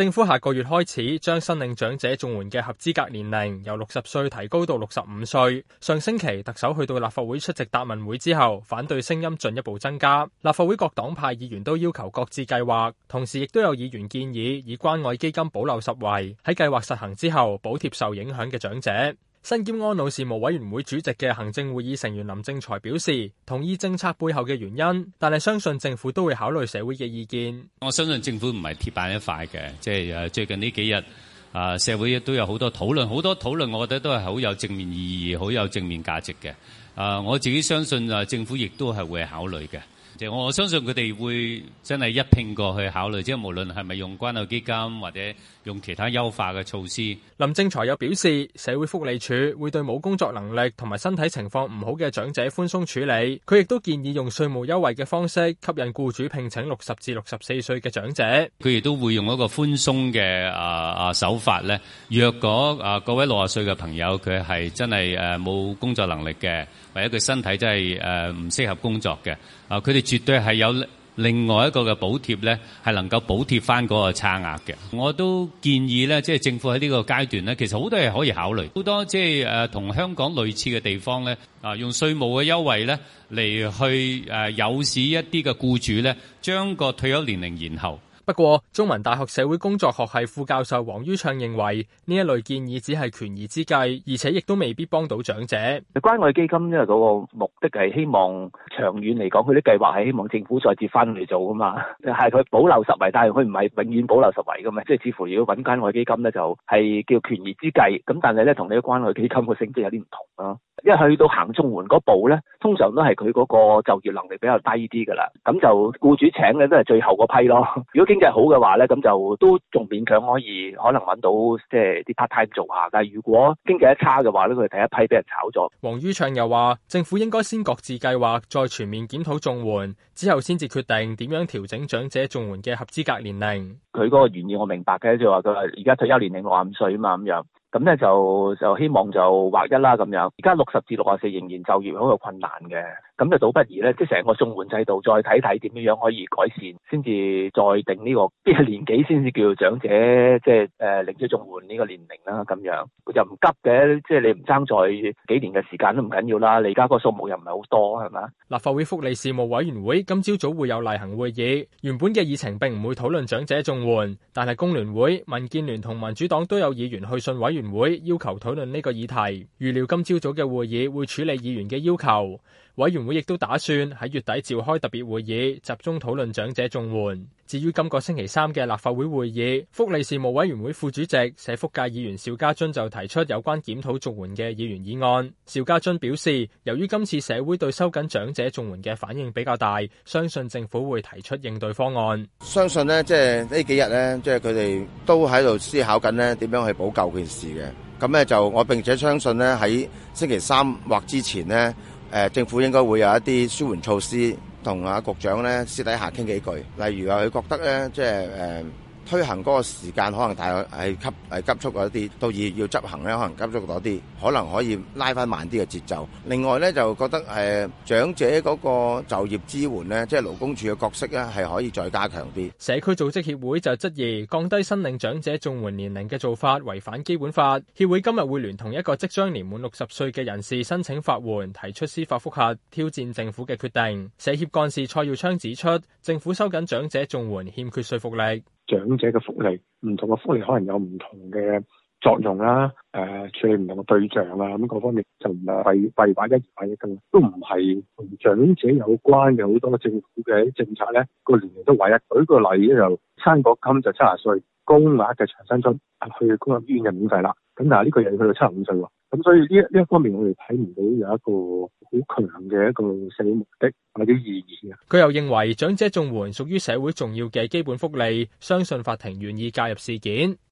政府下個月開始將申領長者綜援嘅合資格年齡由六十歲提高到六十五歲。上星期特首去到立法會出席答問會之後，反對聲音進一步增加。立法會各黨派議員都要求擱置計劃，同時亦都有議員建議以關愛基金保留十位喺計劃實行之後補貼受影響嘅長者。新兼安老事務委員會主席嘅行政會議成員林正財表示，同意政策背後嘅原因，但係相信政府都會考慮社會嘅意見。我相信政府唔係鐵板一塊嘅，即係誒最近呢幾日啊，社會亦都有好多討論，好多討論，我覺得都係好有正面意義，好有正面價值嘅。啊，我自己相信啊，政府亦都係會考慮嘅。我相信佢哋會真係一拼過去考慮，即係無論係咪用關愛基金或者用其他優化嘅措施。林正財又表示，社會福利署會對冇工作能力同埋身體情況唔好嘅長者寬鬆處理。佢亦都建議用稅務優惠嘅方式吸引僱主聘請六十至六十四歲嘅長者。佢亦都會用一個寬鬆嘅啊啊手法咧，若果啊各位六十歲嘅朋友，佢係真係誒冇工作能力嘅，或者佢身體真係誒唔適合工作嘅啊，佢哋，絕對係有另外一個嘅補貼咧，係能夠補貼翻嗰個差額嘅。我都建議咧，即係政府喺呢個階段咧，其實好多嘢可以考慮，好多即係誒同香港類似嘅地方咧，啊用稅務嘅優惠咧嚟去誒誘使一啲嘅僱主咧，將個退休年齡延後。不過，中文大學社會工作學系副教授黃于唱認為，呢一類建議只係權宜之計，而且亦都未必幫到長者。關愛基金因為個目的係希望長遠嚟講，佢啲計劃係希望政府再接翻嚟做噶嘛，係 佢保留十位，但係佢唔係永遠保留十位噶嘛。即、就、係、是、似乎如果揾關愛基金咧，就係、是、叫權宜之計。咁但係咧，同你個關愛基金個性質有啲唔同咯、啊。因為去到行中門嗰步咧。通常都係佢嗰個就業能力比較低啲㗎啦，咁就僱主請嘅都係最後嗰批咯。如果經濟好嘅話咧，咁就都仲勉強可以可能揾到即係啲 part time 做下。但係如果經濟一差嘅話咧，佢係第一批俾人炒咗。黃於暢又話，政府應該先各自計劃，再全面檢討綜援，之後先至決定點樣調整長者綜援嘅合資格年齡。佢嗰個原意我明白嘅，就話佢話而家退休年齡六十五歲啊嘛，咁樣。咁咧就就希望就劃一啦咁樣，而家六十至六十四仍然就業好有困難嘅。咁就倒不如呢，即係成個綜援制度再睇睇點樣樣可以改善，先至再定呢、這個邊個年紀先至叫做長者，即係、呃、誒領取綜援呢個年齡啦。咁樣佢就唔急嘅，即係你唔爭在幾年嘅時間都唔緊要啦。你而家嗰個數目又唔係好多，係咪？立法會福利事務委員會今朝早，早會有例行會議，原本嘅議程並唔會討論長者綜援，但係工聯會、民建聯同民主黨都有議員去信委員會，要求討論呢個議題。預料今朝早嘅會議會處理議員嘅要求，委員。我亦都打算喺月底召開特別會議，集中討論長者綜援。至於今個星期三嘅立法會會議，福利事務委員會副主席社福界議員邵家臻就提出有關檢討綜援嘅議員議案。邵家臻表示，由於今次社會對收緊長者綜援嘅反應比較大，相信政府會提出應對方案。相信呢，即係呢幾日呢，即係佢哋都喺度思考緊呢，點樣去補救件事嘅。咁呢就我並且相信呢，喺星期三或之前呢。呃、政府應該會有一啲舒緩措施，同啊局長呢私底下傾幾句，例如話、啊、佢覺得呢，即係推行嗰個時間可能大概係急係急促嗰一啲，到二要執行咧，可能急促多啲，可能可以拉翻慢啲嘅節奏。另外咧，就覺得誒長者嗰個就業支援咧，即係勞工處嘅角色咧，係可以再加強啲。社區組織協會就質疑降低申領長者綜援年齡嘅做法違反基本法。協會今日會聯同一個即將年滿六十歲嘅人士申請法援，提出司法復核，挑戰政府嘅決定。社協幹事蔡耀昌指出，政府收緊長者綜援欠缺說服力。長者嘅福利，唔同嘅福利可能有唔同嘅作用啦，誒、呃，處理唔同嘅對象啊，咁、嗯、各、那個、方面就唔係為為劃一而劃一嘅，都唔係同長者有關嘅好多政府嘅政策咧，個年齡都劃一。舉個例咧，就生果金就七十歲，高額嘅長生津去公立醫院就免費啦。咁但係呢個又要去到七十五歲。咁所以呢一呢一方面，我哋睇唔到有一個好強嘅一個社會目的或者意義啊。佢又認為長者綜援屬於社會重要嘅基本福利，相信法庭願意介入事件。